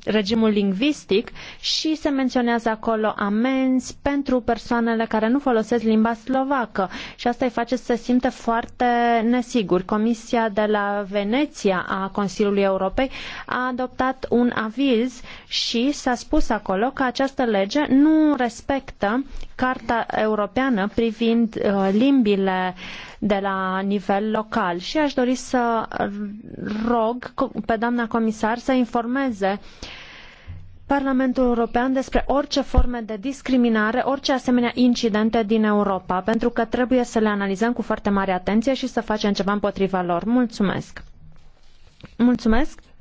regimul lingvistic și se menționează acolo amenzi pentru persoanele care nu folosesc limba slovacă și asta îi face să se simte foarte nesigur. Comisia de la Veneția a Consiliului Europei a adoptat un aviz și s-a spus acolo că această lege nu respectă Carta Europeană privind uh, limbile uh, de la nivel local. Și aș dori să rog pe doamna comisar să informeze Parlamentul European despre orice forme de discriminare, orice asemenea incidente din Europa, pentru că trebuie să le analizăm cu foarte mare atenție și să facem ceva împotriva lor. Mulțumesc! Mulțumesc!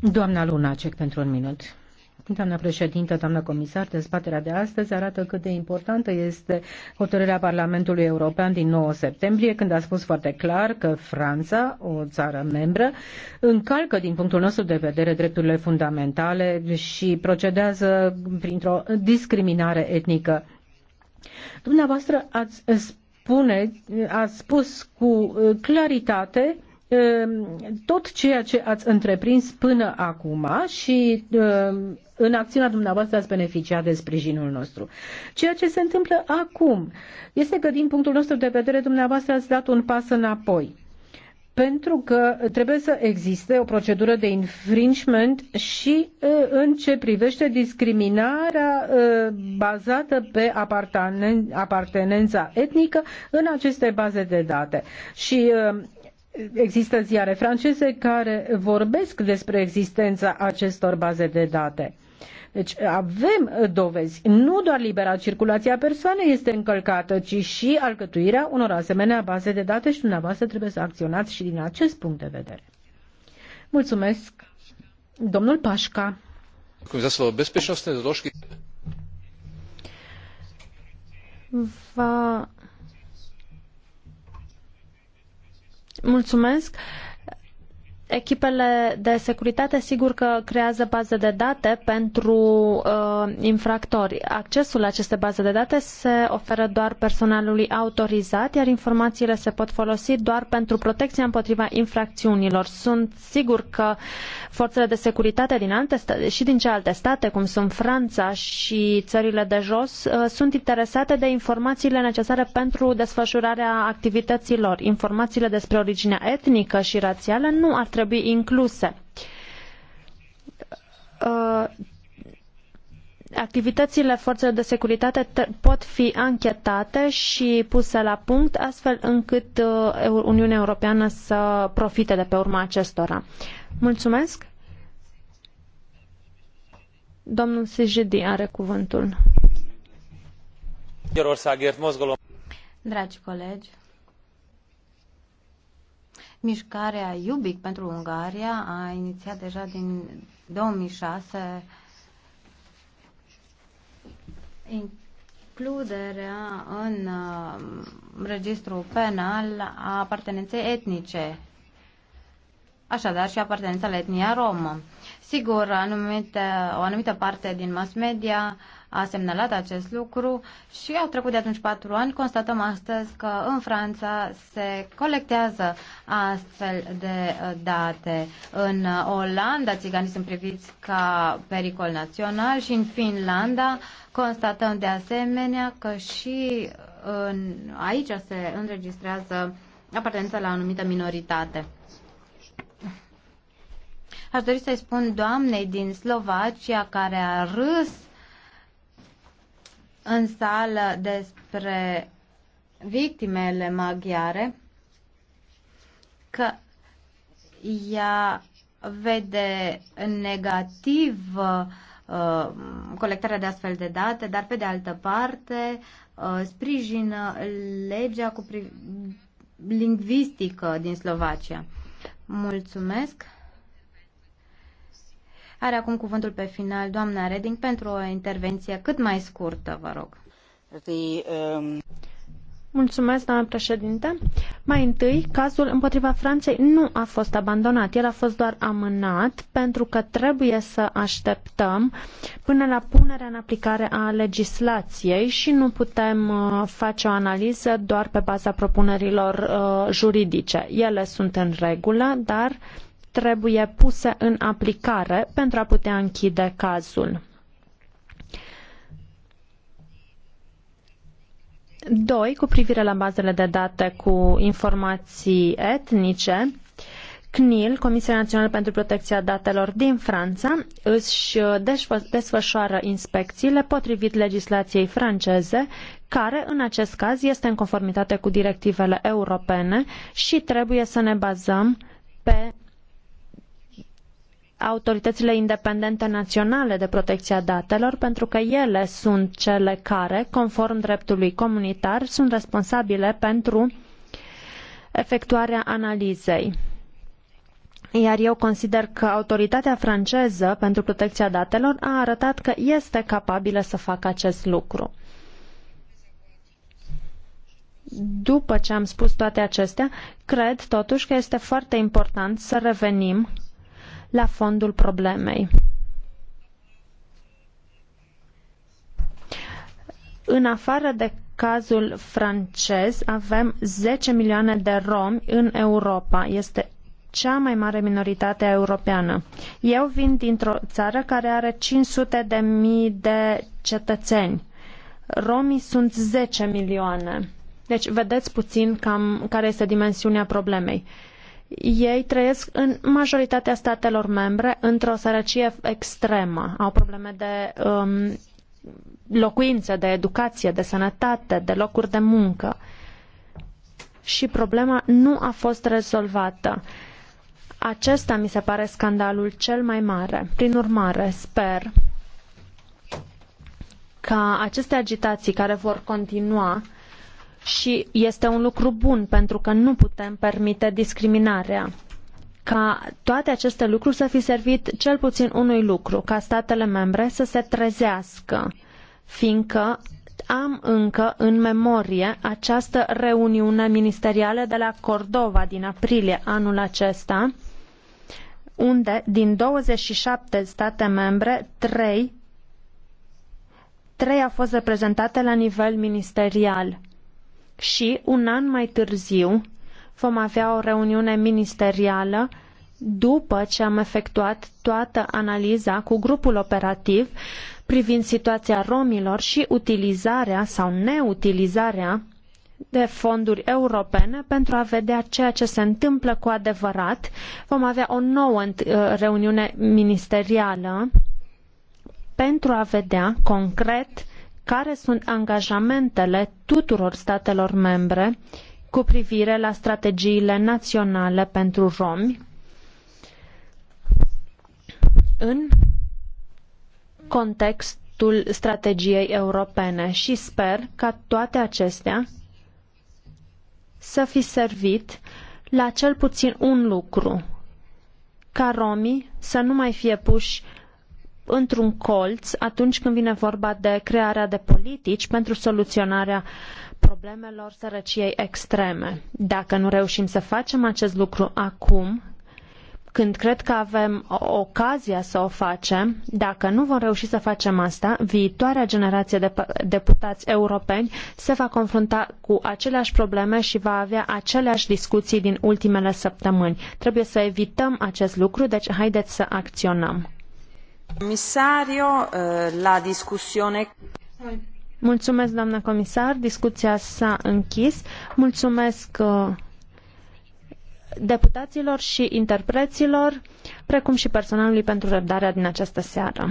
Doamna Lunacek, pentru un minut. Doamna președintă, doamna comisar, dezbaterea de astăzi arată cât de importantă este hotărârea Parlamentului European din 9 septembrie, când a spus foarte clar că Franța, o țară membră, încalcă din punctul nostru de vedere drepturile fundamentale și procedează printr-o discriminare etnică. Dumneavoastră ați, spune, ați spus cu claritate Ehm, tot ceea ce ați întreprins până acum și ehm, în acțiunea dumneavoastră ați beneficiat de sprijinul nostru. Ceea ce se întâmplă acum este că din punctul nostru de vedere dumneavoastră ați dat un pas înapoi pentru că trebuie să existe o procedură de infringement și în ce privește discriminarea bazată pe apartenența etnică în aceste baze de date. Și există ziare franceze care vorbesc despre existența acestor baze de date. Deci avem dovezi. Nu doar libera circulația persoanei este încălcată, ci și alcătuirea unor asemenea baze de date și dumneavoastră trebuie să acționați și din acest punct de vedere. Mulțumesc. Domnul Pașca. Va Mulțumesc echipele de securitate sigur că creează baze de date pentru uh, infractori. Accesul la aceste baze de date se oferă doar personalului autorizat, iar informațiile se pot folosi doar pentru protecția împotriva infracțiunilor. Sunt sigur că forțele de securitate din alte state, și din cealaltă state, cum sunt Franța și țările de jos, uh, sunt interesate de informațiile necesare pentru desfășurarea activităților. Informațiile despre originea etnică și rațială nu ar trebui trebui incluse. Uh, activitățile forțelor de securitate pot fi anchetate și puse la punct astfel încât uh, Uniunea Europeană să profite de pe urma acestora. Mulțumesc! Domnul Sijidi are cuvântul. Dragi colegi, Mișcarea Iubic pentru Ungaria a inițiat deja din 2006 includerea în um, registru penal a apartenenței etnice, așadar și apartenența la etnia romă. Sigur, anumite, o anumită parte din mass media a semnalat acest lucru și au trecut de atunci patru ani. Constatăm astăzi că în Franța se colectează astfel de uh, date. În Olanda, țiganii sunt priviți ca pericol național și în Finlanda constatăm de asemenea că și uh, în, aici se înregistrează apartența la o anumită minoritate. Aș dori să-i spun doamnei din Slovacia care a râs în sală despre victimele maghiare că ea vede negativ uh, colectarea de astfel de date, dar pe de altă parte uh, sprijină legea cu pri- lingvistică din Slovacia. Mulțumesc! Are acum cuvântul pe final doamna Reding pentru o intervenție cât mai scurtă, vă rog. The, um... Mulțumesc, doamnă președinte. Mai întâi, cazul împotriva Franței nu a fost abandonat, el a fost doar amânat pentru că trebuie să așteptăm până la punerea în aplicare a legislației și nu putem uh, face o analiză doar pe baza propunerilor uh, juridice. Ele sunt în regulă, dar trebuie puse în aplicare pentru a putea închide cazul. Doi, Cu privire la bazele de date cu informații etnice, CNIL, Comisia Națională pentru Protecția Datelor din Franța, își desfășoară inspecțiile potrivit legislației franceze, care în acest caz este în conformitate cu directivele europene și trebuie să ne bazăm pe autoritățile independente naționale de protecție a datelor, pentru că ele sunt cele care, conform dreptului comunitar, sunt responsabile pentru efectuarea analizei. Iar eu consider că autoritatea franceză pentru protecția datelor a arătat că este capabilă să facă acest lucru. După ce am spus toate acestea, cred totuși că este foarte important să revenim la fondul problemei. În afară de cazul francez, avem 10 milioane de romi în Europa. Este cea mai mare minoritate europeană. Eu vin dintr-o țară care are 500 de mii de cetățeni. Romii sunt 10 milioane. Deci vedeți puțin cam care este dimensiunea problemei. Ei trăiesc în majoritatea statelor membre într-o sărăcie extremă. Au probleme de um, locuințe, de educație, de sănătate, de locuri de muncă. Și problema nu a fost rezolvată. Acesta mi se pare scandalul cel mai mare. Prin urmare, sper ca aceste agitații care vor continua și este un lucru bun pentru că nu putem permite discriminarea. Ca toate aceste lucruri să fi servit cel puțin unui lucru, ca statele membre să se trezească, fiindcă am încă în memorie această reuniune ministerială de la Cordova din aprilie anul acesta, unde din 27 state membre, 3 trei au fost reprezentate la nivel ministerial și un an mai târziu vom avea o reuniune ministerială după ce am efectuat toată analiza cu grupul operativ privind situația romilor și utilizarea sau neutilizarea de fonduri europene pentru a vedea ceea ce se întâmplă cu adevărat. Vom avea o nouă uh, reuniune ministerială pentru a vedea concret care sunt angajamentele tuturor statelor membre cu privire la strategiile naționale pentru romi în contextul strategiei europene și sper ca toate acestea să fi servit la cel puțin un lucru, ca romii să nu mai fie puși într-un colț atunci când vine vorba de crearea de politici pentru soluționarea problemelor sărăciei extreme. Dacă nu reușim să facem acest lucru acum, când cred că avem ocazia să o facem, dacă nu vom reuși să facem asta, viitoarea generație de deputați europeni se va confrunta cu aceleași probleme și va avea aceleași discuții din ultimele săptămâni. Trebuie să evităm acest lucru, deci haideți să acționăm. Comisario, eh, la discussione... Mulțumesc, doamna comisar. Discuția s-a închis. Mulțumesc eh, deputaților și interpreților, precum și personalului pentru răbdarea din această seară.